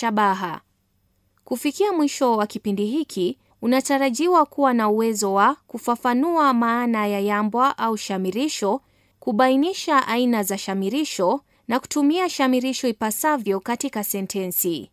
Shabaha. Kufikia mwisho wa kipindi hiki, unatarajiwa kuwa na uwezo wa kufafanua maana ya yambwa au shamirisho, kubainisha aina za shamirisho na kutumia shamirisho ipasavyo katika sentensi.